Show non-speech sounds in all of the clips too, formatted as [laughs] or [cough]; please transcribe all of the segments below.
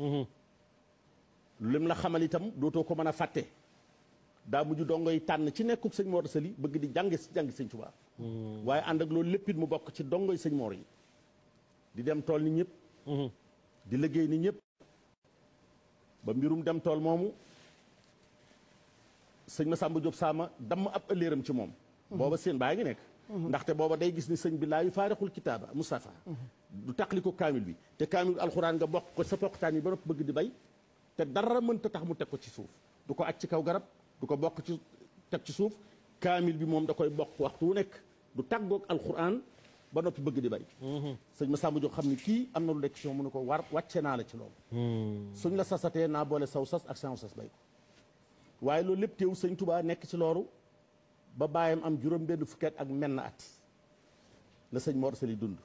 lim mhm. la xamal itam doto ko meuna fatte da muju dongoy tan ci nekkub seigne modou Sali bëgg di jang ci jang seigne touba mhm. waye and ak lo leppit mu bok ci dongoy seigne Mor yi di dem tol ni ñëpp mhm. di liggey ni ñëpp ba mbirum dem tol momu seigne Masamba Diop Sama dam ab eleeram ci mom boba seen baangi nek ndaxte boba day gis ni seigne billahi kitaba Mustafa du taqali ko kaamil bi te kaamil alxuraan nga bokk ko sa poqtaan yi ba nopp bëgg di bay te dara mënta tax mu teg ko ci suuf du ko aj ci kaw garab du ko bokk ci teg ci suuf kaamil bi moom da koy bokk waxtu wu nekk du tàggoog alxuraan ba noppi bëgg di bay sëñ Masamba Diop xam ne kii am na lu nekk ci moom mu ne ko war wàcce naa la ci loolu suñ la sasatee naa boole saw sas ak saw sas bay ko waaye loolu lépp teew sëñ Touba nekk ci loolu ba bàyyam am juróom benn fukki at ak menn at la sëñ Mor Sali dund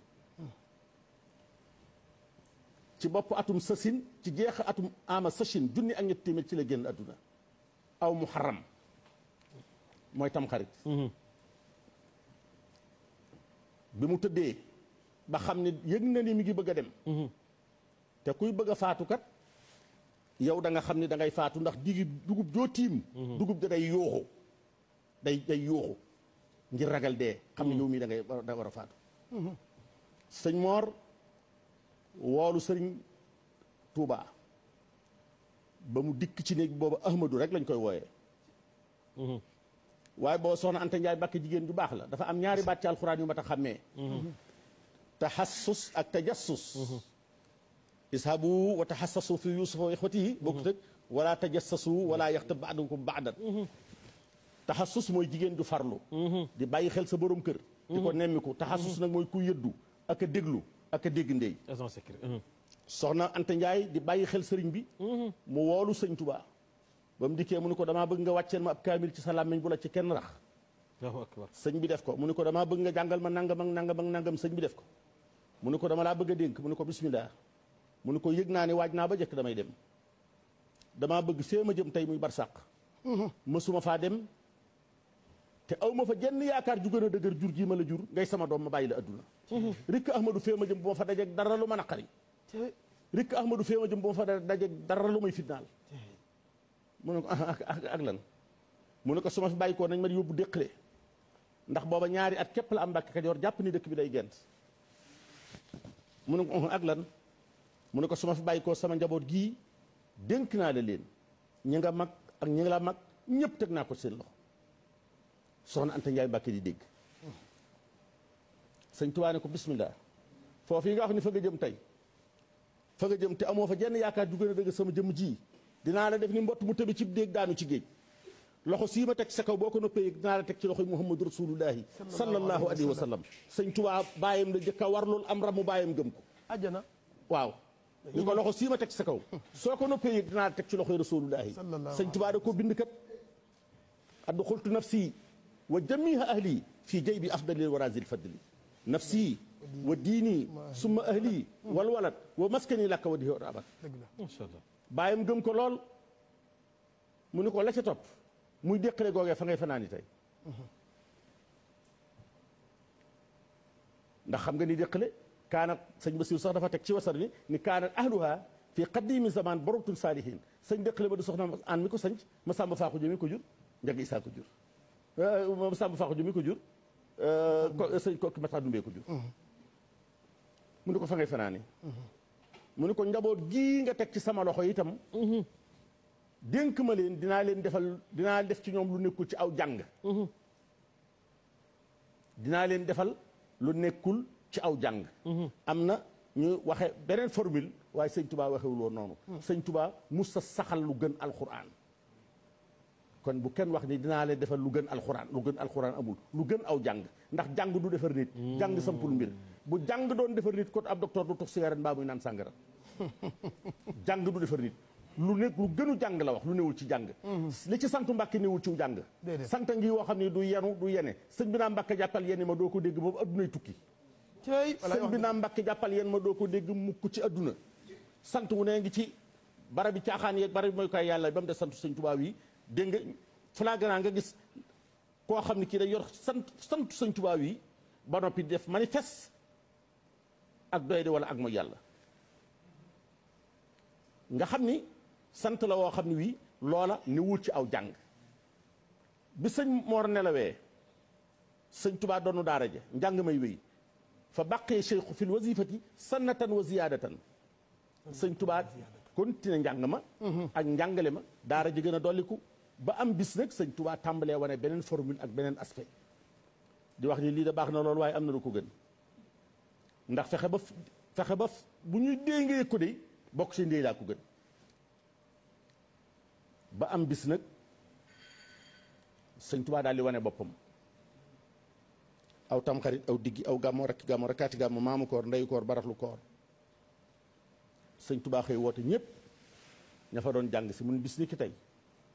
ci bopp atum sasin ci jeex atum ama sasin junni ak ñett téeméer ci la génn adduna aw muharram mooy tamxarit mhm. bi mu tëddee ba xam ne yëg na ni mi ngi bëgg a dem mhm. te kuy bëgg faatu kat yow da nga xam ne dangay faatu ndax digib dugub joo tiim mhm. dugub da day yooxu day day yooxu ngir ragal dee xam ne yow mii da ngay da war a faatu sëñ woolu sëriñ Touba ba mu dikk ci néeg boobu Ahmadou rek lañ koy wooyee. Mhm. waaye boo soxna Anta Ndiaye Mbàkke jigéen ju baax la dafa am ñaari baat ci alxuraan yu ma ta xàmmee. Mhm. taxassus ak tajassus. Mhm. ishabu wa taxassasu fi yusufa wa ixwatihi bokkut ak wala tajassasu wala yaxtab baadukum baadan taxassus mooy jigéen ju farlu. di bàyyi xel sa borom kër. di ko nemmiku taxassus nag mooy ku yëddu ak a déglu. ak a dégg ndey soxna Anta Ndiaye di bàyyi xel sëriñ bi mu woolu sëñ Touba ba mu dikkee mu ne ko damaa bëgg nga wàcceel ma ab kaamil ci sa làmmiñ bu la ci kenn rax sëñ bi def ko mu ne ko damaa bëgg nga jàngal ma nangam ak nangam ak nangam sëñ bi def ko mu ne ko dama laa bëgg a dénk mu ne ko bismillah mu ne ko yég naa ni waaj naa ba jëkk damay dem damaa bëgg fee ma jëm tey muy barsàq mësuma faa dem té awma fa jenn yaakar ju gëna dëgër jur gi ma la jur ngay sama doom ma bàyyi la adduna rikk ahmadou fee jëm bu fa dajé dara lu ma naqari rik ahmadou feema jëm bu fa dajé dara lu may fitnaal mu ne ko ah, ah, ah, ak lan mu ne ko su ma fi bàyyi nañ ma yobbu déqale ndax boba ñaari at képp la am Mbàkke Kajoor japp ni dëkk bi day gënt mu ne ko ak lan mu ne ko su ma fi bàyyi sama njabot gi dénk na la leen ñinga mag ak ñinga la mag ñëpp tek na ko seen loxo soxna Anta Ndiaye Mbacke di dégg sëñ Tuubaa ne ko bismillah foofu yi nga xam ne fa nga jëm tey fa nga jëm te amoo fa jenn yaakaar ju gën a dëgg sama jëm ji dinaa la def ni mbott mu tëbi ci déeg daanu ci géej loxo sii ma teg sa kaw boo ko noppee dinaa la teg ci loxoy muhammadu rasulullahi sallallahu alayhi wa sallam sëñ Tuubaa bàyyam la jëkka war loolu am ramu bàyyam gëm ko ajjana waaw ni ko loxo sii ma teg sa kaw soo ko noppee dinaa la teg ci loxoy rasulullahi sëñ Tuubaa da ko bind kat addu xultu nafsi وتدميها أهلي في جيب أفضل الورازي الفدلي نفسي وديني ثم أهلي والولد ومسكني لك وديه رابط ما شاء الله بايم جم كلول منكو لا توب موي ديقلي غوغي فاناي فناني تاي دا خمغ ني ديقلي كان سيد بسيو سخ دا تك سي وسر ني ني كانت اهلها في قديم زمان بروت صالحين سيد ديقلي بدو سخنا ان ميكو سنج مسام فاخو جيمي كوجور نجي اسا كوجور Euh, moom Samba Fakho mi ko jur. Euh, euh, sëñ Kokki Matar ko jur. Mhm. mu ne ko fa ngay fanaani mhm. mu ne ko njaboot gii nga teg ci sama loxo itam. Mhm. dénk ma leen dinaa leen defal dinaa def ci ñoom lu nekkul ci aw jàng. dinaa leen defal lu nekkul ci aw jàng. am na ñu waxe beneen formule waaye sëñ Touba waxewul woon noonu. sëñ Touba musa saxal lu gën alxuraan. kon bu kenn wax ni dina leen defal lu gën alxuraan lu gën alxuraan amul lu gën aw jang ndax jang du defal nit jang sampul mbir bu jang doon defal nit ko ab docteur du tok cigarette ba muy nan sangara [laughs] jang du defal nit lu nek lu gënu jang la wax lu newul ci jang mhm. li ci sante mbacke newul ci jang sante ngi wo xamni du yanu du yene seug bi na mbacke jappal yene ma do ko deg bob addunay tukki seug bi na mbacke jappal yene ma do ko deg mukk ci aduna sante wu ne ngi ci barabi caaxaan yeeg barabi moy kay yalla bam de sante seigne touba wi dégg nga nga gis koo xam ne kii day yor sant sant sëñ tubaab yi ba noppi def manifeste ak doy di wala ak mooy yàlla nga xam ni sant la woo xam ne wii loola ni wul ci aw jàng bi sëñ moor nelawee sëñ tubaa doonu daara ja njàng may wéy fa baqee cheikhu fil wazifati sannatan wa ziyaadatan sëñ tubaa continué njàng ma mm-hmm. ak njàngale ma daara ji gën dolliku ba am bis nag sëñ tubaa tàmbalee wane beneen formule ak beneen aspect di wax ni lii de baax na loolu waaye am na lu ko gën ndax fexe ba fexe ba bu ñuy déngee ko de bokk seen déy laa ko gën ba am bis nag sëñ Touba daal di wane boppam aw tamxarit aw diggi aw gàmmo rakki gàmmo rakkaati gàmmo maamu koor ndeyu koor baralu koor sëñ Touba xëy woote ñëpp ña fa doon jàng si mun bis ni ki tey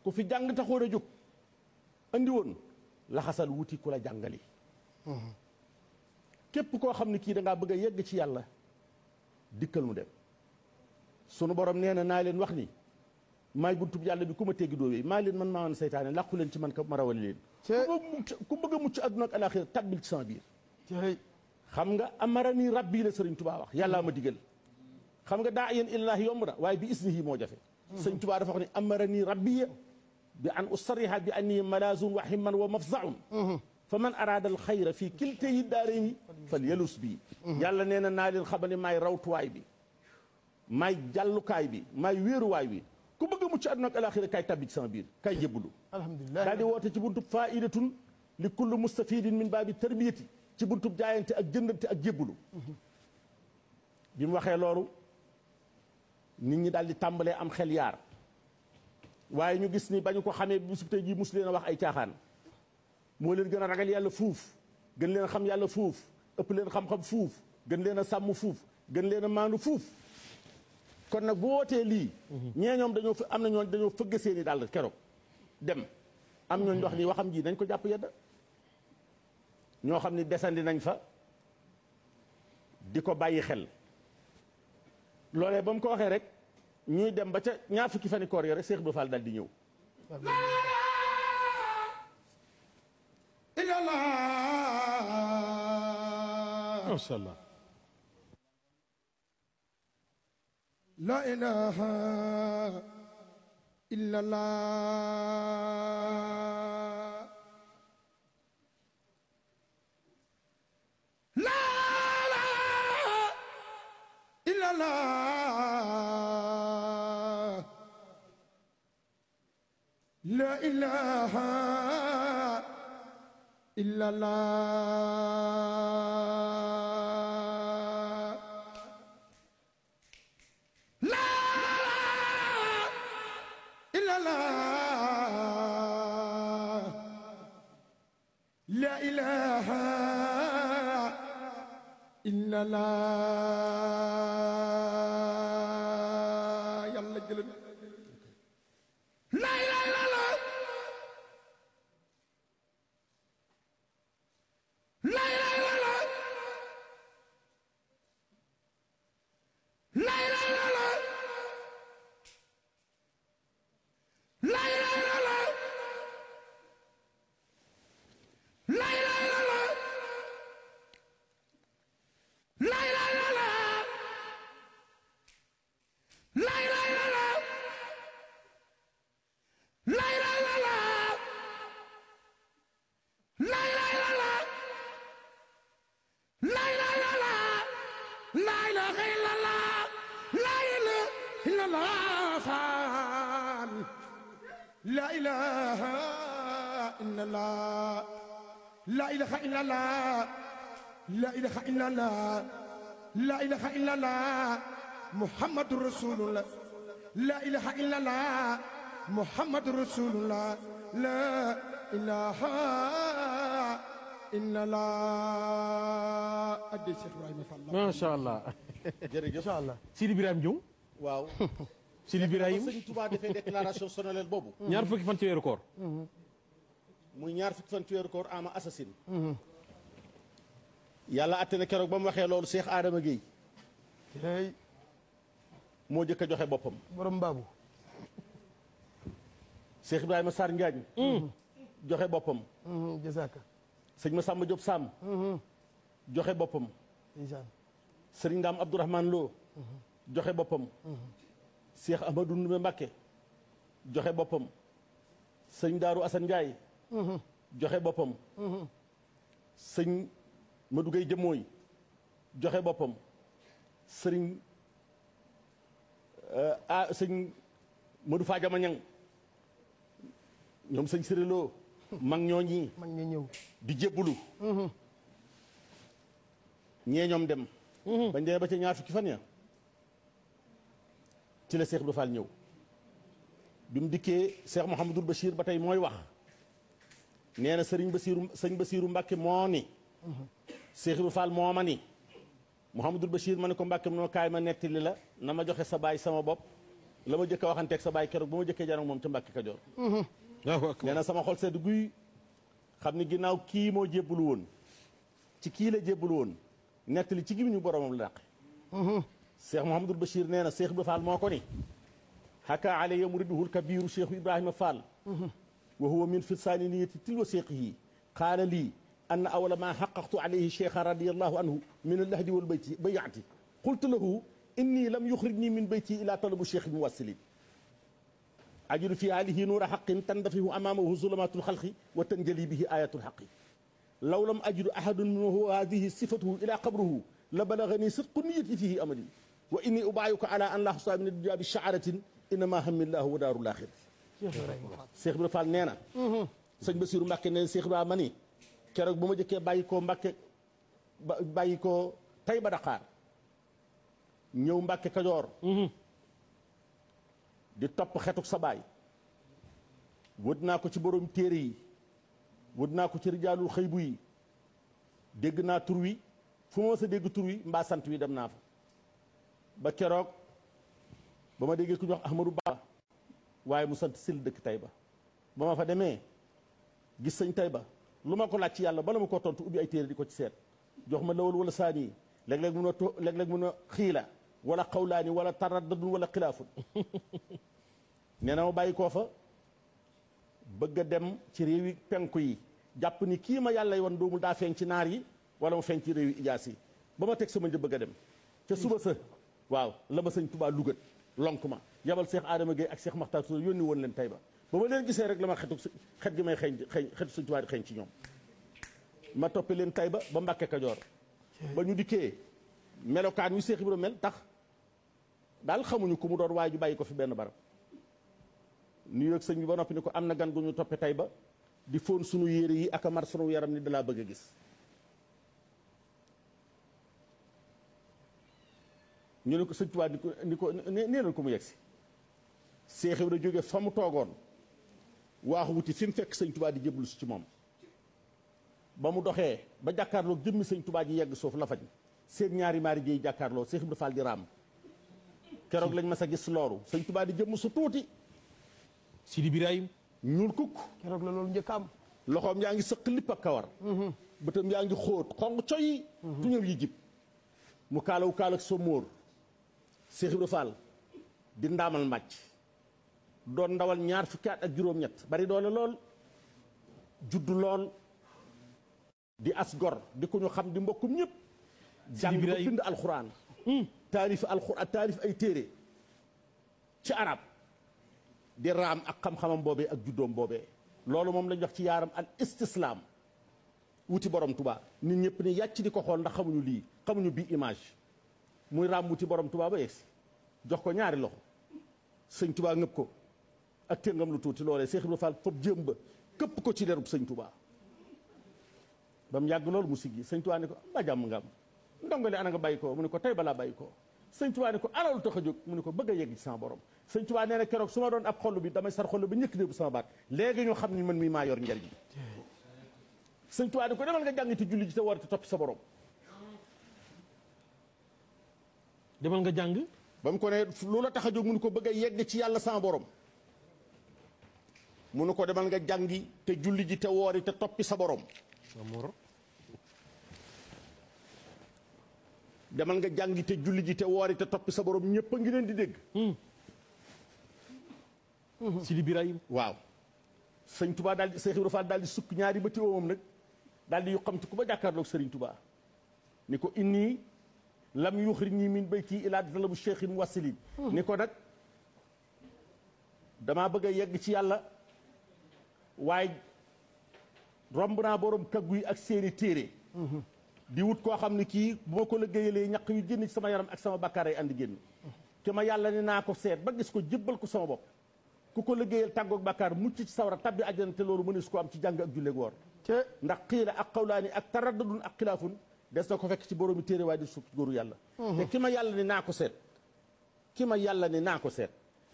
ku fi jàng taxoon a jóg andi woon laxasal wuti ku la jàngali mhm. képp koo xam ne kii da ngaa bëgg yegg ci yàlla dikkal mu dem sunu borom nee na naa leen wax ni maay buntub yàlla bi ku ma teggi doo wéy maa leen man maa woon seytaane làqu leen ci man ka ma rawal leen ku bëgg mucc àdduna ak alaaxira tabbil ci sama biir xam nga amara ni rabbi la sëriñ tubaa wax yàllaa ma digal xam nga daa yéen illaahi yomb na waaye bi isnihi moo jafe mhm. sëriñ tubaa dafa بأن أصرها بأني ملاذ وحما ومفزع فمن أراد الخير في كلتي الدارين فليلس بي يلا نينا نال الخبل ماي روت واي بي ماي جلو كاي بي ماي وير واي بي كو بغي موتي ادنا الاخره كاي تابيت سان بير كاي يبلو الحمد لله دادي ووتي تي بونتو فائده لكل مستفيد من باب التربيه تي بونتو جاينتي اك جندتي اك يبلو بيم واخا لورو نيت ني دالدي تامبالي ام خيل يار waye ñu gis ni ba ko xamé bisu tey jii mus leen wax ay tiaxan mo leen gëna ragal yàlla fouf gën leen xam yàlla fouf ëpp leen xam-xam fouf gën leen sam fouf gën leen a maandu fuuf kon nak bu woté li ñee ñoom dañoo am na ñooñ fëgg seen dal dàll dem am ñoo wax ni waxam ji dañ ko jàpp yedd ñoo xamni desandi nañ fa diko bàyyi xel lolé bam ko waxé rek ñuy dem ba ca ñaar fukki fani koor ya cheikh Seex Ibra Fall daal di ñëw macha allah la ilaha illallah إله إلا الله لا إلا الله لا إله إلا الله إلا الله محمد رسول الله لا إله إلا الله محمد رسول الله لا إله إلا الله أدي شيخ إبراهيم فالله ما شاء الله جرجف إن شاء الله سيدي إبراهيم جون واو سيدي إبراهيم سيدي توبا ديفي ديكلاراسيون سونال بوبو ñaar fukki fan ci koor muy ñaar fukki fan ci koor ama assasine yàlla atte na keroog ba mu Cheikh Adama Gueye moo jëkk joxe boppam. borom baabu. Cheikh Ibrahima Sarr Njaañ. Mm-hmm. joxe boppam. Mm-hmm. jazaaka. sëñ Massamba Diop Samb. Mm-hmm. joxe boppam. incha sëriñ Ndam Abdourahmane Lo. joxe boppam. Cheikh Amadou Ndoumé joxe boppam. sëñ Daaru Assane Ndiaye. joxe boppam. sëñ Madou Gueye Jëmooy joxe boppam. sëriñ euh, ah sëñ Modou Fadiama Niang ñoom sëñ Sirilo mag ñoo ñii ñëw di jébbulu mhm. ñee ñoom dem mhm. bañ demee ba ca ñaar fukki fan ya ci la Cheikh Ibra Fall ñëw bi mu dikkee Cheikh Mouhamadul Bachir ba tey mooy wax nee na sëriñ Basiru sëñ Basiru Mbàkke moo ni mhm. Cheikh Ibra Fall moo ma ni محمد البشير ماني كو مباك منو كاي ما نيتلي لا نما جوخي سا باي سما بوب لما جيك واخانتي اك سا باي كيرو بومو جيكي جانو موم تي مباك كاجور الله اكبر نانا سما خول سيد غوي خامني غيناو كي مو جيبلو وون تي كي لا جيبلو وون نيتلي تي غيمنيو بوروم لا داق شيخ محمد البشير نانا شيخ بفال موكو ني حكى علي مرده الكبير شيخ ابراهيم فال وهو من فسان تلو سيقي قال لي أن أول ما حققت عليه الشيخ رضي الله عنه من النهج والبيت بيعتي قلت له إني لم يخرجني من بيتي إلى طلب الشيخ الموسلين أجد في عليه نور حق تندفه أمامه ظلمات الخلق وتنجلي به آية الحق لو لم أجد أحد منه هذه صفته إلى قبره لبلغني صدق نيتي فيه أملي وإني أبايعك على أن لا حصى من الدنيا بشعرة إنما هم الله ودار الآخرة. شيخ إبراهيم Fall nee na. sëñ Bassirou keroog bu ma jëkkee bàyyi koo Mbàkke bàyyi koo tey ba Dakar ñëw Mbàkke Kajoor mhm. di topp xetuk sa baay wët naa ko ci borom téere yi wët naa ko ci rijaalul xëybu yi dégg naa tur wi fu ma sa dégg tur wi mbaa sant wi dem naa fa ba keroog ba ma déggee ku ñu wax Ahmadou Ba waaye mu sant sil dëkk Taïba ba ma fa demee gis sëñ Taïba lu ma ko laaj ci yàlla bala ma ko tontu ubbi ay téere di ko ci seet jox ma lawal wala saani léeg-léeg mun a to léeg-léeg mun a xiila wala xawlaani wala taraddadun wala xilaafun [laughs] nee na ma bàyyi koo fa bëgg a dem ci réew yi penku yi jàpp ni kii ma yàlla woon doomu daa feeñ ci naar yi wala mu feeñ ci réew yi ijaas yi ba ma teg sama njëb bëgg a dem ca suba sa waaw la ma sëñ tubaa lugat lonk ma yabal Cheikh Adama Gueye ak Cheikh Makhtar Sow yónni woon leen tey ba ma leen gisee rek la ma xetu xet gi may xeeñ xeeñ xetu suñ tubaab di xeeñ ci ñoom ma toppe leen Tayba ba ba Mbàkke Kajoor ba ñu dikkee melokaan wi Seex Ibra mel tax daal xamuñu ku mu doon waaye ju bàyyi ko fi benn barab nuyu ak sëñ bi ba noppi ni ko am na gan gu ñu toppe ba di fóon suñu yére yi ak a mar sunu yaram ni dalaa bëgg a gis ñu ne ko sëñ ni ko ni ko nee nañ ko mu yegsi Seex Ibra jóge fa mu toogoon waaxu wuti fi fekk sëñ tubaa di jëblu si ci moom ba mu doxee ba jàkkaarloo jëmmi sëñ tubaa ji yegg suuf la fañ seen ñaari maari jiy jàkkaarloo Seex Ibra Faal di raam keroog lañ ma sa gis loolu sëñ tubaa di jëmm su tuuti Sidi Birahim ñuul kukk keroog la loolu njëkk am loxoom yaa ngi sëq lipp ak kawar mm-hmm. bëtam yaa ngi xóot xong coy mm-hmm. tuñal yi jib mu kaalawu kaal ak sa móor Seex Ibra Faal di ndaamal màcc doon ndawal ñaar fukki at ak juróom-ñett bari doole lool juddu lool di as gor di ko ñu xam di mbokkum ñëpp. jàng ko bind alxuraan. Hmm. taalif alxuraan taalif ay téere ci arab di raam ak xam-xamam boobee ak juddoom boobee loolu moom lañ wax ci yaaram al istislaam wuti boroom tubaab nit ñëpp ni yàcc di ko xool ndax xamuñu lii xamuñu bii image muy raam wuti borom tuba ba yegsi jox ko ñaari loxo sëñ tuba ngëpp ko. ak téngam lu tuuti loolee Cheikh Ibrahima Fall foofu jëm ba këpp ko ci derub sëñ Touba ba mu yàgg loolu mu siggi sëñ Touba ne ko ba jàmm nga am ndongo nga bàyyi mu ne ko tey balaa bàyyi ko sëñ Touba ne ko ana lu tax mu ne ko bëgg a yegg ci sama borom sëñ Touba nee na keroog su ma bi damay sar xol bi ñëkk déebu sama baat léegi ñoo xam ne man mii maa yor njariñ sëñ ko demal nga jàng te julli ji te sa borom demal nga jàng ba mu ko ne lu la tax a jóg mu ne ko bëgg a yegg ci yàlla sama borom mu nu ko demal nga jàngi te julli ji te woori te toppi sa borom demal nga jàngi te julli ji te woori te toppi sa ñëpp ngi leen di dégg hmm. Hmm. Sidi waaw sëñ daal di Seex Ibra Faal daal di ñaari bëti woomam nag daal di ba jàkkaarloog Sëriñ Touba ni ko inni lam yuxri ñi min bayti ilaa talabu cheikhin wasilin hmm. ni ko nag damaa bëgg a yegg ci yàlla way romb na borom kaggu ak seeni téré mhm. di wut ko xamni ki boko bu ma yu génn ci sama yaram ak sama bakkaar ay andi génn te ma yalla ni naa ko seet ba gis ko jibbal ko sama bopp ku ko liggéeyal tàggoog bakkar mucc ci sawra tabbi aljana te lolu mënees ko am ci jang ak gor woor ndax qila ak qawlani ak taraddudun ak khilafun des na ko fekk ci borom téré way di goru yalla mhm. te ki ma yalla ni ko ki ma yalla ni ko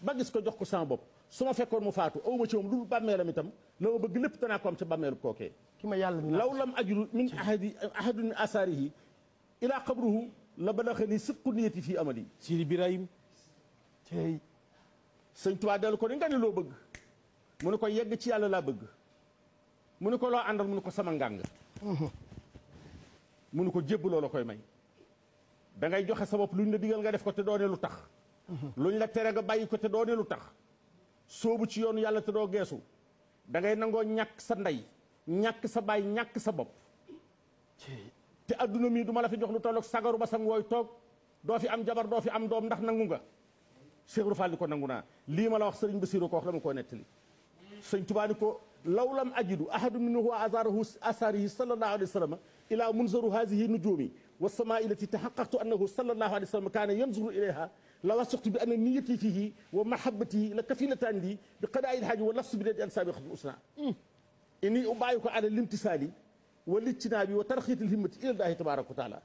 ba gis ko jox ko sama bopp su ma fekkoon mu faatu awma ci moom lu bàmmeelam itam la ma bëgg lépp danaa ko am ca bàmmeelu kookee ma yàlla law lam ajru min ahadi ahadun asaarihi ilaa qabruhu la balaxani sidqu niyati fii amali Sidi Birahim tey sëñ Tuubaa dellu ko ni nga loo bëgg mu ko yegg ci yàlla laa bëgg mu ne ko loo àndal mu ne ko sama ngàng mu ne ko jébb loola koy may da ngay joxe sa bopp luñ la digal nga def ko te doone lu tax luñ la tere nga bàyyi ko te doone lu tax soobu ci yoon yàlla te doo geesu da ngay nangoo ñàkk sa ndey ñàkk sa baay ñàkk sa bopp te adduna mii duma la fi jox lu tolloog sagaru ba sang wooy toog doo fi am jabar doo fi am doom ndax nangu nga Cheikh Fall di ko nangu naa lii ma la wax sëriñ Basiru ko wax dama koo nettali sëñ Tuubaa ni ko law lam ajidu ahadu minhu wa azarahu asarihi sallallahu alayhi wa sallam ila munzaru hazihi nujumi wa samaa ilati taxaqaqtu annahu sallallahu alayhi wa sallam kaana yanzuru لا وثقت بأن نيتي فيه ومحبتي لكفيلة عندي بقضاء الحاج واللص بيد أنسابي خذ الحسنى إني ابايك على الامتثال والاجتناب وترخيط الهمة إلى الله تبارك وتعالى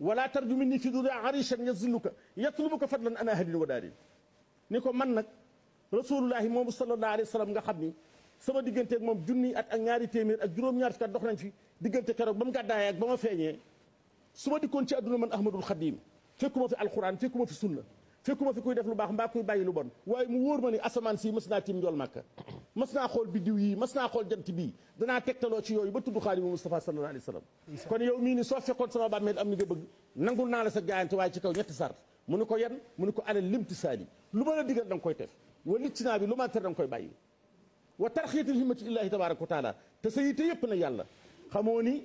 ولا ترجو مني في ذراع عريشا يظلك يطلبك فضلا أنا أهل وداري نيكو من نك رسول الله محمد صلى الله عليه وسلم غا xamni سما ديغنتك موم جوني ات at نياري تيمير témèr جوروم juroom ñaar fukkat في ديغنتك fi بام kérok اك بام فيغني سما ديكون suma dikkoon من احمد الخديم ahmadul في القران fi في السنه fekkuma fi kuy def lu baax mbaa kuy bàyyi lu bon waaye mu wóor ma ni asamaan si mës naa tim njool màkka mës naa xool biddiw yi mës naa xool jant bii danaa tegtaloo ci yooyu ba tudd xaadimu Mustafa sallallahu alayhi wasallam kon yow mii ni soo fekkoon sama bàmmeel am ni nga bëgg nangul naa la sa jaayante waaye ci kaw ñetti sar mu ni ko yan mu ni ko alal limtisaali lu ma la digal da nga koy def wa liccinaa bi lu ma la tere da nga koy bàyyi wa tarxiyatil himmati illahi tabaaraka wa taala te sa yitte yëpp na yàlla xamoo ni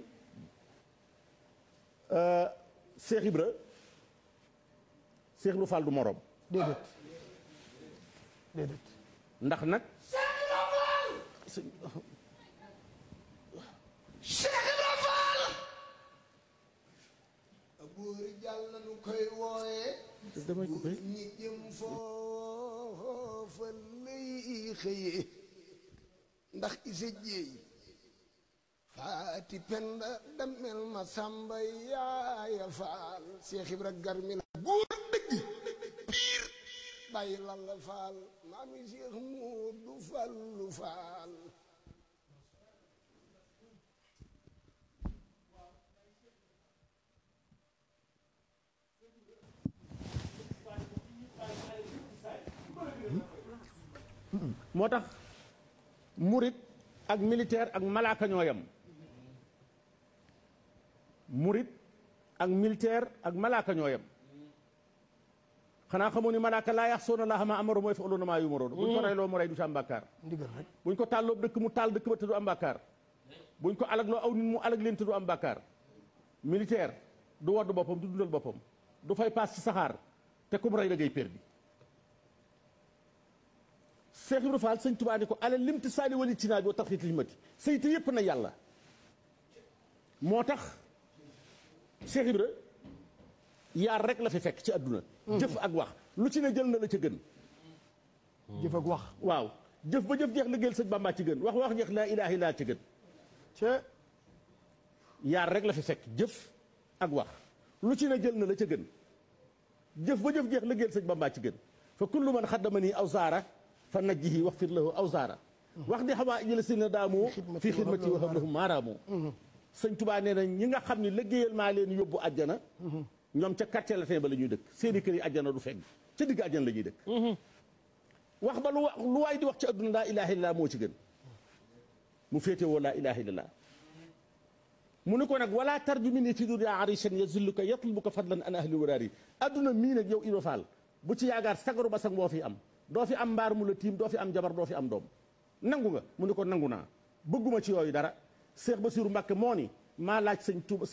Cheikh Ibra Cheikh Ibra du morom. déedéet déedéet. ndax nag. Cheikh Ibra Fall. Cheikh Ibra Fall. Abou Rijal lañu koy wooyee. damay ñi jëm foofa lay xëyee ndax isa jéey faati penda damel ma samba yaaya faal Cheikh Ibra bàyyi lal faal maami moo tax murit ak militaire ak malaaka ñoo murit ak militaire ak malaakañooyam xanaa xamoo ni malaaka laa yaxsoona laaha maa amaro mooy fa aloona maa yumaroon buñ ko mm. reyloo mu rey du ci am bàkkaar ndigal rek buñ ko tàlloo dëkk mu taal dëkk ba te du am bàkkaar buñ ko alagloo aw nit mu alag leen du am bàkkaar militaire du wadd boppam du dundal boppam du fay paas ci saxaar te ku mu rey da ngay perdi Cheikh Ibra Fall sëñ Tuubaa ni ko ala ti saali wali ci naaj boo tax yëpp na yàlla moo tax Cheikh Ibra yaar rek la fi fekk ci àdduna hmm. jëf ak wax lu ci ne jël na la ca gën jëf ak wax waaw jëf ba jëf jeex liggéeyal sëñ Bamba ci gën wax wax jeex laa ilaaha illaa ci gën ce yaar rek la fi fekk jëf ak wax lu ci ne jël na la ca gën jëf ba jëf jeex liggéeyal sëñ Bamba ci gën fa kullu man xaddama nii aw zaara fa najjihi wax fir lahu aw zaara hmm. wax di xamaa ijëla si na daamoo fii xidmati wa hablahum maaraamoo hmm. sëñ Tubaa nee na ñi nga xam ne liggéeyal maa leen yóbbu àjjana ñoom ca a latin ba la ñuy dëkk seeni kër yi àjjana du fegg ca digg àjjana la ñuy dëkk mhm. wax ba lu lu waay di wax ci adduna laa ilaha illallah moo ci gën mu féete woo laa ilaha illallah mu ne ko nag wala tarjumi ni fi dunya arisan yazilluka yatlubuka fadlan an ahli waraari adduna mii nag yow Iba Fall bu ci yaagaar sagaru ba sag moo fi am doo fi am mbaar mu la tiim doo fi am jabar doo fi am doom nangu nga mu ne ko nangu naa bëgguma ci yooyu dara Seex Basiru Mbàkke moo ni maa laaj sëñ Tuuba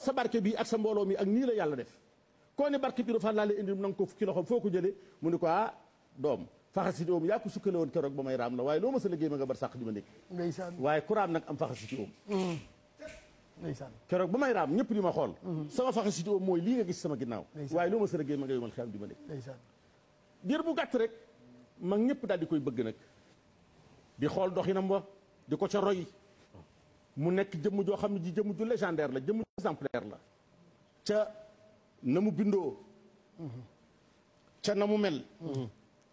sa barke bi ak sa mbooloo mi ak nii la yàlla def koo ne barke bi rofaan laa la indi nanga ko fukki loxoom foo ko jëlee mu ne ko ah doom faxasiti oom yaa ko sukkale woon keroog ba may raam la waaye loo ma sa liggéey ma nga bar sàq di ma nekk waaye ku raam nag am faxasiti oom keroog ba may raam ñëpp di ma xool sama faxasiti oom mooy lii nga gis sama ginnaaw waaye loo ma sa liggéey ma nga yomal xel di ma nekk diir bu gàtt rek mag ñëpp daal di koy bëgg nag di xool doxinam wa di ko ca roy mu nekk jëmm joo xam ne ji jëmm ju légendaire la jëmm ju exemplaire la ca na mu bindoo ca na mu mel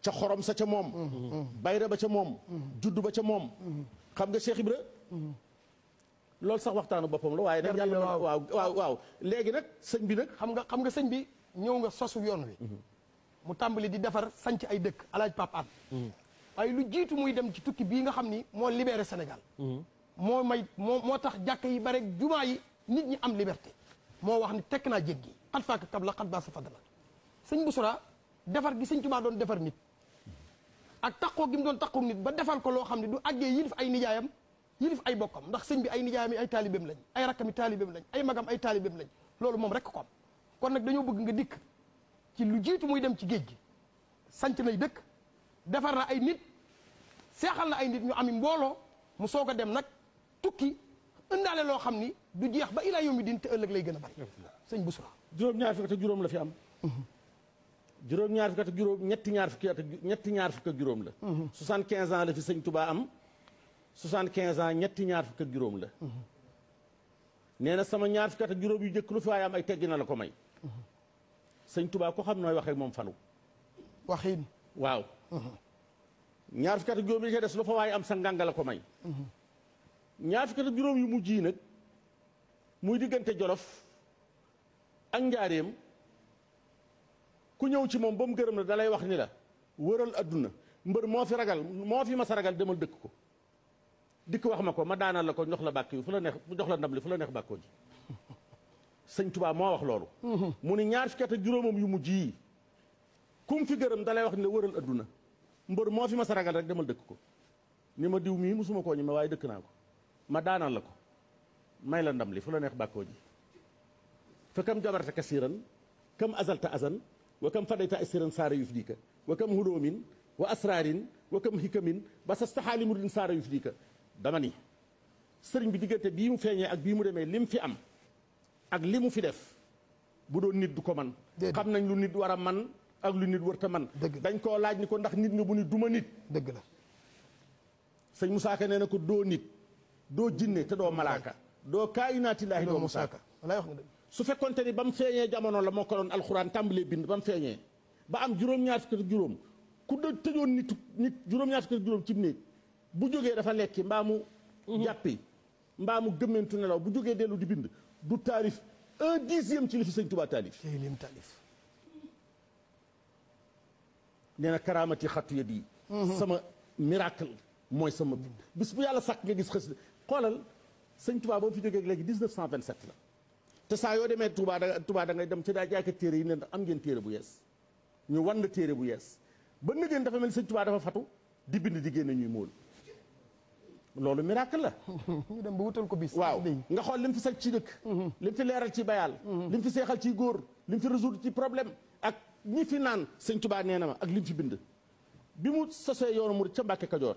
ca xorom sa ca moom bayra ba ca moom juddu ba ca moom xam nga Cheikh Ibra loolu sax waxtaanu boppam la waaye nag yàlla waaw waaw waaw léegi nag sëñ bi nag xam nga xam nga sëñ bi ñëw nga sosu yoon wi mu tàmbali di defar sañc ay dëkk alaaj Pape An hmm. waaye lu jiitu muy dem ci tukki bii nga xam ni moo libéré senegal hmm. moo may moo moo tax jàkk yi bare jumaa yi nit ñi am liberté moo wax ni tekk naa jéggi xat faaka tab la xat baa sa fadala sëñ Boussora defar gi sëñ Tuubaa doon defar nit ak taqoo gi mu doon taqoo nit ba defal ko loo xam ne du àggee yilif ay nijaayam yilif ay bokkam ndax sëñ bi ay nijaayam yi ay taalibeem lañ ay rakkami taalibeem lañ ay magam ay taalibeem lañ loolu moom rekk ko am kon nag dañoo bëgg nga dikk ci lu jiitu muy dem ci géej gi sanc nay dëkk defar na ay nit seexal na ay nit ñu ami mbooloo mu soog dem nag tukki ëndaale loo xam ni du jeex ba ilaa yawmi diin te ëllëg lay gën a bari bu sa juróom-ñaar fukk ak juróom la fi am juróom-ñaar fukk ak ñaar fukk ak ñaar fukk juróom la soixante quinze ans la fi sëñ Touba am soixante ñetti ñaar fukk ak juróom la nee na sama ñaar fukk ak juróom yu jëkk lu fi waaye am ay teggi na la ko may sëñ Touba ko xam nooy waxee moom falu waxin waaw ñaar fukk ak juróom yi ca des lu fa waaye am sa ngànga la ko may ñaar fukki at juróom yu mu yi nag muy diggante jolof ak njaareem ku ñëw ci moom ba mu gërëm la dalay wax ni la wëral adduna mbër moo fi ragal moo fi mas a ragal demal dëkk ko dikk wax ma ko ma daanal la ko jox la bàkk yi fu la neex jox la ndam li fu la neex bàkkoo ji sëñ Tuubaa moo wax loolu mu ni ñaar fukki at ak yu mu yi kum fi gërëm dalay wax ni la wëral adduna mbër moo fi mas a ragal rek demal dëkk ko ni ma diw mii musuma koo ñi ma waaye dëkk naa ko مدانا لكو ماي لا ندم لي فلا نيخ فكم جبرت كثيرا كم ازلت ازن وكم فديت اسرا صار يفديك وكم هدوم واسرار وكم حكم بس استحال مر صار يفديك دماني سيرن بي ديغت بي فيني اك بي لم في ام اك لي مو في ديف بودو نيت دوكو مان خام نان لو نيت ورا مان اك لو نيت ورتا مان دنج كو لاج نيكو دوما نيت دغ لا سيرن موسى كان نكو دو نيت doo jinne te doo malaaka doo kaayinaatillaahi doo musaaka su fekkonte ni ba mu feeñee jamono la moo ko doon alxuraan tàmbalee bind ba mu feeñee ba am juróom-ñaar fukk ak juróom ku da tëjoon nitu nit juróom-ñaar fukk ak juróom ci néeg bu jógee dafa lekki mbaa mu jàppi mbaa mu gëmmentu nelaw bu jógee dellu di bind du taarif un dixième ci li fi sëñ Tuubaa taalif nee na karaamati xatu ya di sama miracle mooy sama bis bu yàlla sàkk nga gis xës xoolal sëñ Touba ba mu fi jógee léegi 1927 la te saa yoo demee Touba da Touba da ngay dem ci daa jaaykat téere yi ne am ngeen téere bu yees ñu wan la téere bu yees ba nëgeen dafa mel sëñ Touba dafa fatu di bind di génn ñuy móol loolu miracle la. [laughs] ñu dem ba wutal ko bis. waaw nga xool lim fi sa ci dëkk. Mhm. lim fi leeral ci bayaal. Mhm. lim fi seexal ci góor lim fi résoudre ci problème ak ñi fi naan sëñ tubaa nee na ma ak lim fi bind bi mu sosee yoonu Mouride ca Mbàkke Kajoor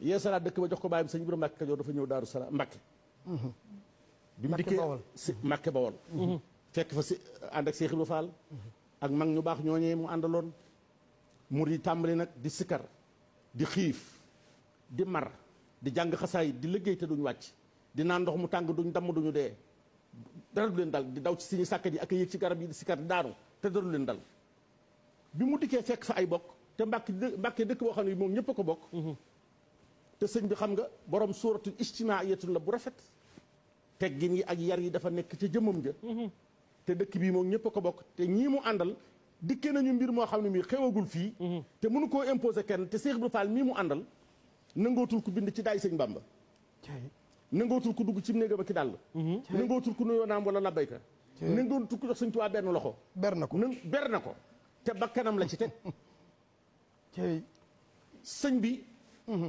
yeesalaat dekk ba jox ko baayam sëñ Ibra Mbàkke Kajoor dafa ñew daru Salaam Mbàkke bi mu dikkee si Mbàkke Bawol mhm. fekk fa ci and ak cheikh Ibra Faal ak mag ñu bax ñoñe mu andalon mouride tambali nak di sikar di xif di mar di jang xassay di liggey te duñ wacc di nan ndox mu tang duñ dam duñu de dara du len dal di daw ci seigne sakka yi ak ci garab yi di sikar te dara du len dal bi mu fekk fa ay bok te mbacke mbacke dekk bo xamni mom ñepp ko bok mhm. te sëñ bi xam nga borom suuratul ijtimaiyatun la bu rafet teggin yi ak yar yi dafa nekk ca jëmmam ja mhm. te dëkk bii moom ñëpp a ko bokk te ñii mu àndal dikke nañu mbir moo xam ne mii xewagul fii mhm. te mënu koo imposé kenn te Cheikh Ibra Fall mii mu àndal nangootul ku bind ci daay sëñ Bamba nangootul ku dugg ci néega ba ki dàll mhm. nangootul ku nuyoo naam wala labbayka nangootul ku jox sëñ waa benn loxo ber na ko ber na ko te bakkanam la ci teg [laughs] sëñ bi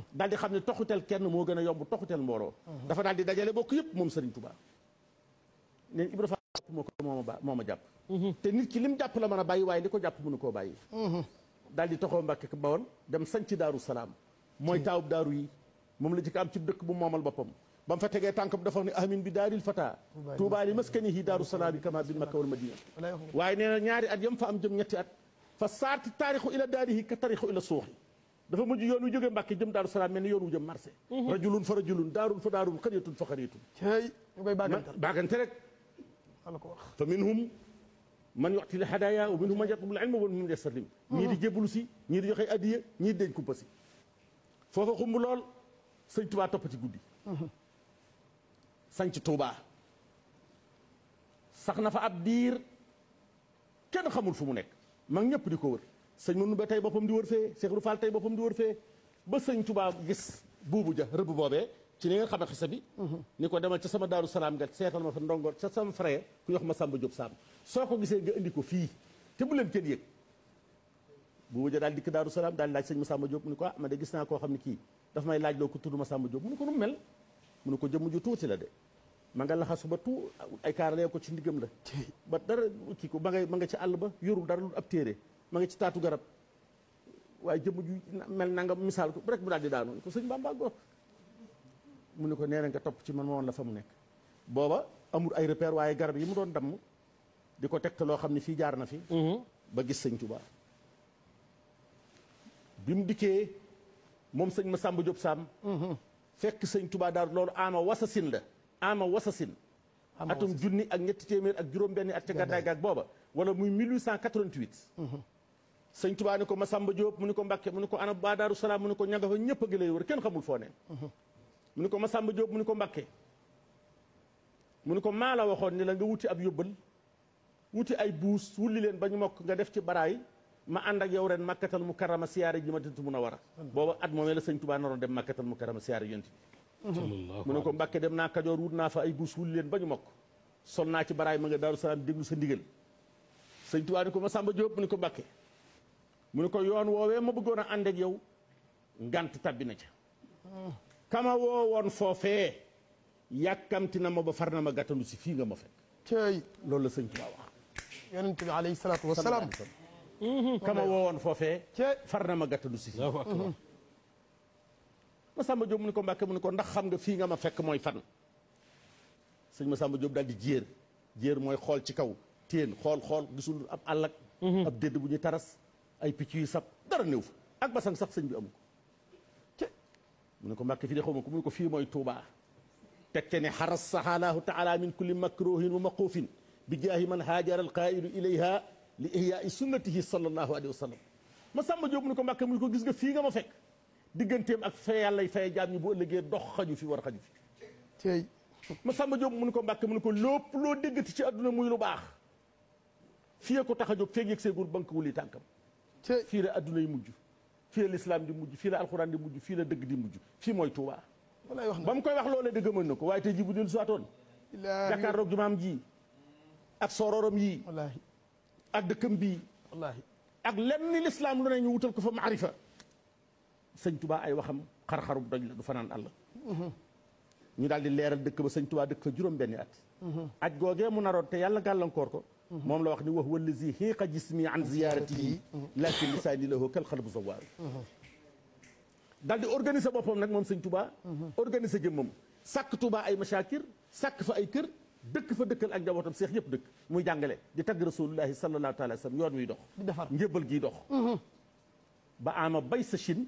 dal di xamne toxutel kenn mo gëna a yomb toxutel mboro dafa dal di dajale bokk yëpp mom Serigne Touba ne Ibra Fall moko moma ba moma jàpp te nit ci lim jàpp la mëna bàyyi way liko jàpp mënu ko bàyyi dal di toxo mbakk ba won dem ci daru salam moy tawb daru yi mom la ci am ci dëkk bu momal bopam bam fa tege tànkam dafa ni amin bi daril fata touba li maskani hi daru salam kama bil makka wal madina way neena ñaari at yam fa am jëm ñetti at fa saati taarixu ila darihi ka taarixu ila suhi dafa mujj yoon wu jógee Mbàkke jëm Daaru Salaam mel ni yoon wu jëm marché. rajulun fa rajulun daarun fa daarun xariyatun fa xariyatun. tey ñu koy baagante baagante rek. fa minhum man yu'ti li hadaaya wa minhum man yatlubul ilma wa minhum yastalim. ñii di jébbalu si ñii di joxe adiya ñii di denc kumpa si. foofa xumb lool sëñ Tuubaa toppati guddi. sanc Tuubaa sax na fa ab diir kenn xamul fu mu nekk mag ñëpp di ko wër. sëñ mënu ba tey boppam di wër fee Cheikh Ibra Fall tey boppam di wër fee ba sëñ tubaab gis buubu ja rëbb boobee ci ni nga xamee xisa bi mhm. ni ko demal ca sama daaru salaam nga seetal ma fa ndongo ca sama frère ku yox ma Samba Diop Samb soo ko gisee nga indi ko fii te bu leen kenn yëg buubu ja daal dikk daaru salaam daal laaj sëñ Masamba Diop mu ni ko ah man de gis naa koo xam ne kii dafa may laaj loo ko ma Masamba Diop mu ni ko nu mel mu ni ko jëmm ju tuuti la ma nga laxasu ba tu ay kaaralee ko ci ndigam la ba dara ko ma ma nga ci àll ba yorul dara ab téere ma nga ci taatu garab waaye jëmm ju mel nanga misaal ko rek mu daal di daanu ko sëñ Bamba góor mu ne ko nee na nga topp ci man ma woon la fa mu nekk booba amul ay repère waaye garab yi mu doon damm di ko teg loo xam ne fii jaar na fi mhm. ba gis sëñ Tuubaa bi mu dikkee moom sëñ ma Sàmba Jóob Sàmm mhm. fekk sëñ Tuubaa daal loolu ama wasasin la ama wasasin atum junni ak ñetti téeméer ak juróom benn at ca gàddaay gaag booba wala muy 1888 sëñ tubaa ni ko masamba jóob mu ni ko mbàkke mu ni ko anab baa daaru salaam mu ni ko ñanga fa ñëpp a ngi lay wër kenn xamul foo ne mu ni ko masamba jóob mu ni ko mbàkke mu ko mala ni la wuti ab wuti ay wulli len mok nga def ma anda ak yow ren màkkatal mu karama siyaare ji ma dent mun a war a at moomee dem makatan mu karama siyaare yonti mu ko dem naa kajoor wut naa fa ay buus wulli leen ba ñu mokk ci ma nga daaru salaam déglu sa ndigal ni ko masamba jóob mu ni ko mu ne ko yoon woowee ma bëggoon a ànd ak yow ngant tabbi na ca kama woo woon foofee yàkkamti na ma ba far na ma gàttandu si fii nga ma fekk tey loolu la sëñ Tuubaa wax yonent bi alayhi salaatu ma gàttandu mu ne ko Mbàkke mu ne ko ndax xam nga fii nga ma fekk mooy fan sëñ Masamba Diop daal di jéer jéer mooy xool ci kaw téen xool xool gisul ab àllak mhm. ab dédd bu ñuy taras ay picc yu sab dara néew fa ak basang sax sëñ bi amu ko te mu ne ko mbàkke fii de xaw ma ko mu ne ko fii mooy Touba teg ca ne xarasaha laahu taala min kulli makruhin wa maqufin bi jaahi man haajara alqailu ilayha li ihyaai sunnatihi sallallahu alayhi wa sallam ma sàmba Jóob mu ne ko mbàkke mu ne ko gis nga fii nga ma fekk digganteem ak fee yàlla y faye jaam ñi bu ëllëgee dox xaju fi war xaju fi tey ma sàmba Jóob mu ne ko mbàkke mu ne ko lépp loo déggati ci àdduna muy lu baax fii ko tax a jóg feeg yëg seegul banque wuli tànkam fii la adduna yi mujj fii la lislaam di mujj fii la alxuraan di mujj fii la dëgg di mujj fii mooy Touba. walaay wax na ba mu koy wax loolee dëgg mën na ko waaye tey jii bu dellu si waatoon. ilaa jàkkaarloog jumaam ji ak sororom yi. wallaahi ak dëkkam bii. wallaahi ak lenn lislaam lu ne ñu wutal ko fa maarifa. sëñ Touba ay waxam xar-xarub doj la du fanaan àll. ñu daal di leeral dëkk ba sëñ Touba dëkk fa juróom-benni at. aj googee mu naroon te yàlla gàllankoor ko. موم لا واخني وهو الذي هيق جسمي عن زيارته لكن لساني له كالخلب زوار دالدي اورغانيزي بوبام نك موم سيغ توبا اورغانيزي جيمم ساك توبا اي مشاكير ساك فا اي كير دك فا دكل اك جابوتام شيخ ييب دك موي جانغالي دي تاغ رسول الله صلى الله عليه وسلم يور موي دوخ دي دفار نيبل جي دوخ با اما بايس شين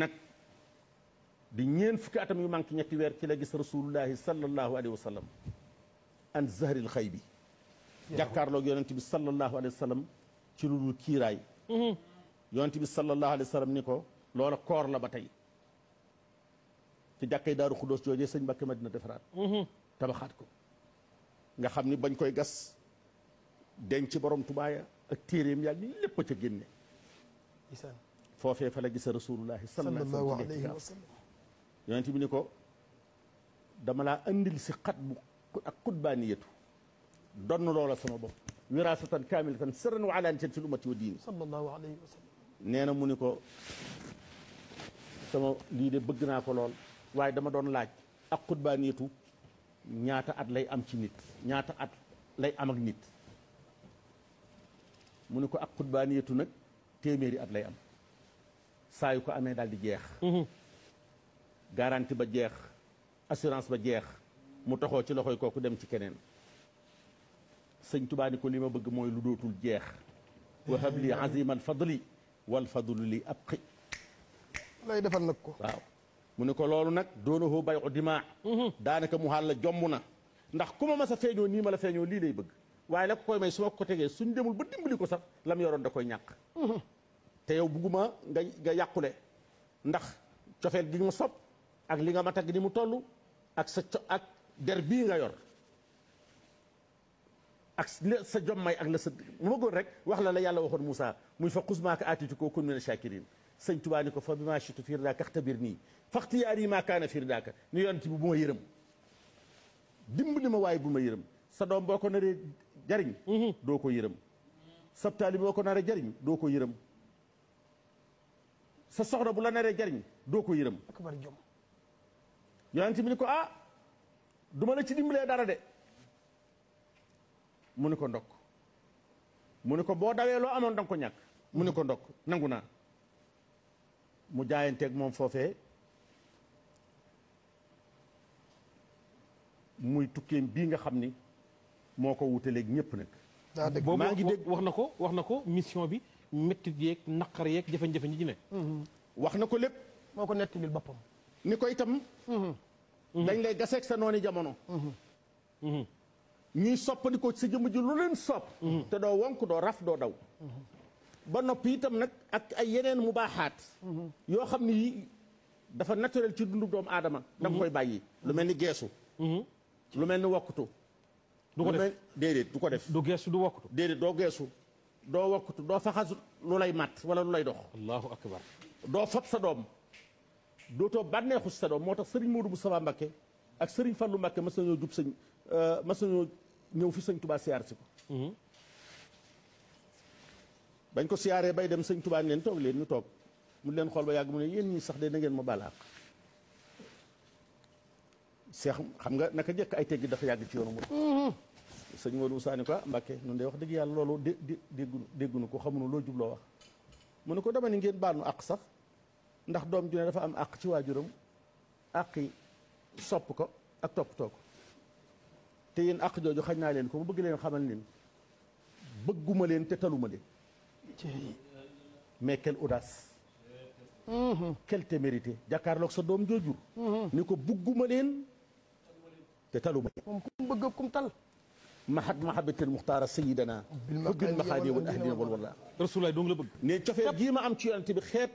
نك دي نين فك اتام يو مانك نيتي وير كي لا غيس رسول الله صلى الله عليه وسلم ان زهر الخيبي bi jàkkaarloog yonent bi sallallahu alayhi wa sallam ci lu dul kiiraay yonent bi sallallahu alayhi wa sallam ni ko loola koor la ba tey ci jàkkay daaru xudóos joojee sëñ nga xamni ni bañ koy gas denc borom tubaaya ak téeréem yaag ni lépp ca génne foofee fa la gis rasulullahi sallallahu alayhi wa sallam yonent bi ni ko dama laa andil si xat bu ak qutbaaniyatu donn loola sama bopp wiraasatan kaamilatan sirran wa alaaniyatan fil ummati wa diini sallallahu alayhi wa sallam nee na mu ni ko sama lii de bëgg naa ko lool dama doon laaj ak qutbaaniyatu ñaata at lay am ci nit ñaata at lay am ak nit mu ak qutbaaniyatu nag téeméeri at lay am saa yu ko amee daal di jeex garanti ba jeex assurance ba jeex mu taxoo ci loxoy kooku dem ci keneen sëñ tubaa ni ko li ma bëgg mooy lu dootul jeex wahab li aziman fadli wal fadlu li abqi lay defal nag ko waaw mu ne ko loolu nag doonahu bay u dimaa daanaka mu xaal la jomb na ndax ku ma mas a feeñoo nii ma la feeñoo lii lay bëgg waaye la ko koy may su ma ko tegee suñ demul ba dimbali ko sax lam yoroon da koy ñàkk te yow bugguma nga nga yàqule ndax cofeel gi nga ma sopp ak li nga ma tag ni mu toll ak sa ak der bii nga yor ak sa jom may ak la sa mu rek wax la la yàlla waxon musa muy fa xusmaaka aatitu ko kun min shakirin sëñ Tuubaa ni ko fa bima shitu chitu fiir daaka axtabir nii faxtiyaari maa kaana fiir daaka ni yonti bi bu ma yërëm dimbali ma way bu ma yërëm sa dom boko nare jariñ do ko yërëm sa talib boko nare jariñ do ko yërëm sa soxna bu la nare jariñ do ko jom yonti bi ni ko ah duma la ci dimbalee dara de muniko ndok muniko bo mu lo ko dang dawee loo amoon danga ko ñàkk mu ni ko ndokk nangu mu jaayanteeg moom foofee muy tukkeem bi nga xamni moko moo ak ñepp nak nag. daa dëgg maa ngi dégg wax na mission bi metti yeeg naqar yeeg jafe-jafe ñi ci ne. Mm-hmm. wax na ko lépp. moo ko nettalil boppam. ni ko itam. Mm-hmm. dañ lay gaseeg sa noonu jamono. ñuy soppandi ko sa jëmm ji lu leen sopp te doo wonk doo raf doo daw. ba noppi itam nag ak ay yeneen mu baaxaat. yoo xam ne ni dafa naturel ci dundu doom aadama. da nga koy bàyyi lu mel ni geesu. lu mel ni wokkutu. du ko def déedéet du ko def. du geesu du wokkutu. déedéet doo geesu doo wokkutu doo faxas lu lay mat wala lu lay dox. allahu akbar doo fab sa doom. dootoo bànneexu si sa moo tax sëriñ Modou Moustapha Mbacké ak sëriñ Fallou Mbacké mas nañoo jub sëñ euh, mas nañoo ñëw fi sëñ Touba siyaar si ko mm-hmm. bañ ko siyaaree bay dem sëñ Touba leen toog leen ñu toog mun leen xool ba yàgg mu ne yéen ñii sax de na ngeen ma baal àq seex xam nga naka njëkk ay teggi dafa yàgg ci yoonu mu mm-hmm. sëñ Modou Moussa ni ko ah, Mbacké nun de wax dëgg yàlla loolu dé dé déggunu déggunu ko xamunu loo jubloo wax mu ne ko dama ni ngeen baal àq sax ndax doom ju dafa am àq ci waajuram àqi sopp ko ak toppatoo ko te yéen àq jooju xañ naa leen ko mu bëgg leen xamal leen bëgguma leen te taluma leen mais quelle audace quelle témérité jàkkaarloog sa doom joojur mm-hmm. ni ko bëgguma leen te taluma leen moom ku bëgg ku mu tal ما حد ما حبيت المختار سيدنا بالمقاليه بالمقالي والمقالي والاهلي والله, والله. رسول الله دونغ لا بغ ني تيوفير جي ما ام تي يونت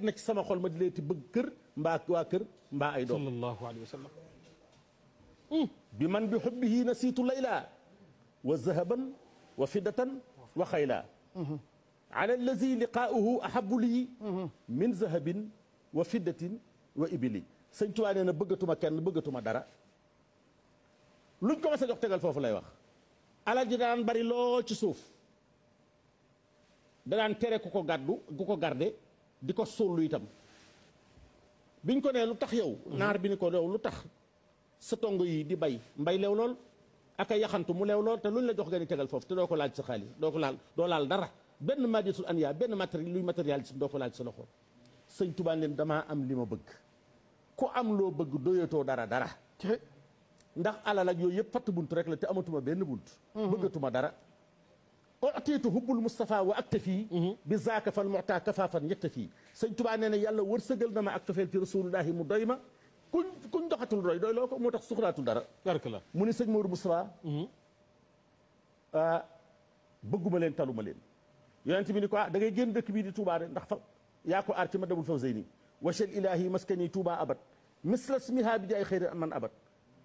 نك سما خول ما دليت بغ مبا وا مبا اي دو صلى الله عليه وسلم بمن بحبه نسيت الليلى وذهبا وفدة وخيلا على الذي لقاؤه احب لي من ذهب وفدة وابلي سنتواني انا بغتوما كين بغتوما دارا لو نكو مسا جوخ تيغال فوفو لاي واخ alal ji daan bari lool ci suuf da daan tere ku ko gàddu ku ko garde di ko suul itam biñ ko nee lu tax yow mhm. naar bi ni ko lu tax sa tong yi di bay mbay leew lool ak a yaxantu mu leew lool te luñ la jox nga ni tegal foofu te doo ko laaj sa xaalis doo ko laal doo laal dara benn madisul an yaa benn matériel luy matérialisme doo ko laaj sa loxo sëñ tubaan damaa am li ma bëgg ku am loo bëgg doyatoo dara dara ndax alal ak yooyu yëpp fatt bunt rek la te amatuma ben buntu beugatuma dara u'titu hubbul mustafa wa aktafi bi zaaka fal muta kafaafan yaktafi seigne touba nee yàlla wërsëgal dama ak tofeel fi rasulullah mu doyma kuñ kuñ doxatul doy doy loko motax sukhratul tax suxlaatul dara la muni seigne mourou mustafa Moustapha beuguma len taluma len yonent bi ni ko da ngay génn dëkk bi di Touba ndax fa ya ko aar ci ma dabul faw zeyni wachel ilahi maskani Touba abad misla smiha bi jaay xëyri man abad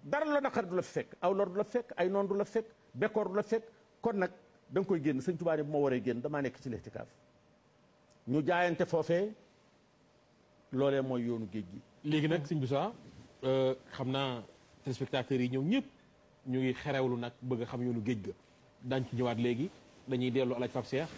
dara la naqar du la fekk aw lor du la fekk ay noon du la fekk bekkoor du la fekk kon nag da koy génn sëñ Tuubaa bu ma waree génn damaa nekk ci lextikaaf ñu jaayante foofee loolee mooy yoonu géej gi léegi nag sëñ Boussa euh, xam naa téléspectateurs yi ñëw ñëpp ñu ngi xerewlu nag bëgg xam yoonu géej ga daañ ci ñëwaat léegi dañuy dellu alaaj Pape Cheikh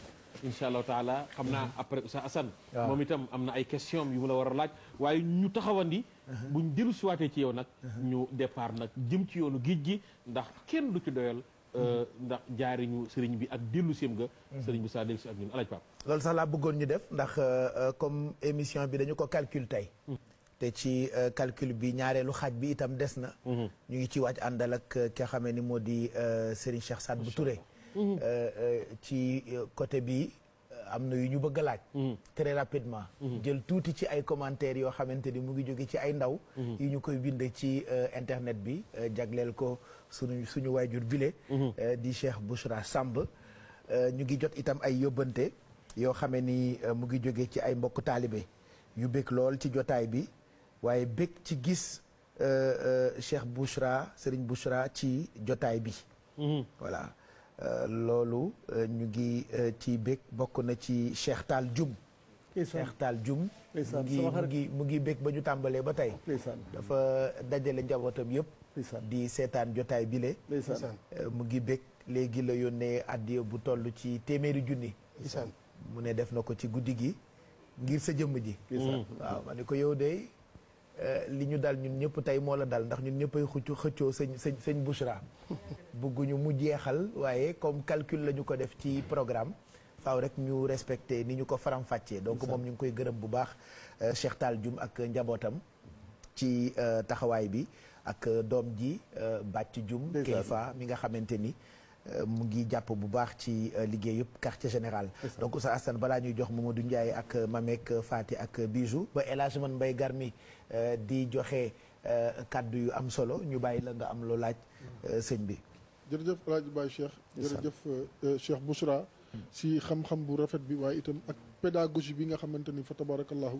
incha allahu taala xam naa après Oustaz Assane moom itam am na ay question yu mu la war a laaj waaye ñu taxawandi uh-huh. buñ dellu siwaatee ci yow nag uh-huh. ñu départ nag jëm ci yoonu géej gi ndax kenn du ci doyal euh, uh-huh. ndax jaariñu sëriñ bi ak dellu sim nga sëriñ bi saa dellu si ak ñun alaaj Pape loolu sax laa bëggoon ñu def ndax euh, euh, comme émission bi dañu ko calcul tey hmm. te ci calcul bi ñaareelu xaaj bi itam des na hmm. ñu ngi ci waaj àndal ak ki xamee ni moo di Serigne Cheikh Saad bu Touré Mm-hmm. Euh, euh, ci euh, côté bi am na yu ñu bëgg a laaj. Mm-hmm. très rapidement. Mm-hmm. jël tuuti ci ay commentaires yoo xamante ni mu ngi jóge ci ay ndaw. yu ñu koy bind ci internet bi jagleel ko suñu suñu waajur bile. di Cheikh Bouchra sàmb ñu ngi jot itam ay yóbbante yoo xamee ni mu ngi jóge ci ay mbokk taalibe yu bëgg lool ci jotaay bi waaye bëgg ci gis Cheikh Bouchra Serigne Bouchra ci jotaay bi. voilà. Euh, loolu euh, ñu ngi euh, ci bég bokk na ci Cheikh Tall Dioum Cheikh Tall Dioum mu ngi mu ngi mu bég ba ñu tàmbalee ba tey dafa dajale njabootam yëpp di seetaan jotaay bile mu ngi bég léegi la yónnee addiya bu toll ci téeméeri junni mu ne def na ko ci guddi gi ngir sa jëmm ji waaw ma ne ko yow de Euh, li ñu dal ñun ñëpp tey moo la dal ndax ñun ñëppay xuccu xëccoo sëñ sëñ sëñ Bouchra bëgguñu mu jeexal waaye comme calcul lañu ko def ci programme faaw rek ñu respecté ni ñu ko faram-fàccee donc moom ñu ngi koy gërëm bu baax euh, Cheikh jum ak njabootam ci euh, taxawaay bi ak doom ji bàcc Dioum Keifa mi nga xamante ni Euh, mu ngi jàpp bu baax ci euh, liggéey yëpp quartier général donc Oustaz Assane balaa ñuy jox du Ndiaye ak euh, Mamek faati ak Bijou ba El Hadj Man Mbaye Garmi di joxe kaddu yu am solo ñu bàyyi la nga am loo laaj sëñ bi jërëjëf El Hadj Baye jërëjëf Cheikh Bouchra mm. si xam-xam bu rafet bi waaye itam ak pédagogie bi nga xamante ni fa tabarakallahu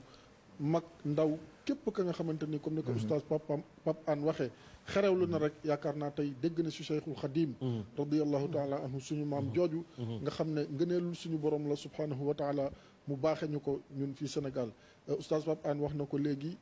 mag ndaw képp ka nga xamante ni comme ni ko mhm. oustaz Pape Pape Hann waxee lu na mhm. rek yaakaar naa tey dégg na si Cheikhul Xadim mhm. radiallahu taala anhu suñu maam jooju nga xam ne ngëneelul suñu borom la subhanahu wa taala mu baaxe ñu ko ñun fii Sénégal euh, oustaz Pape Hann wax na ko léegi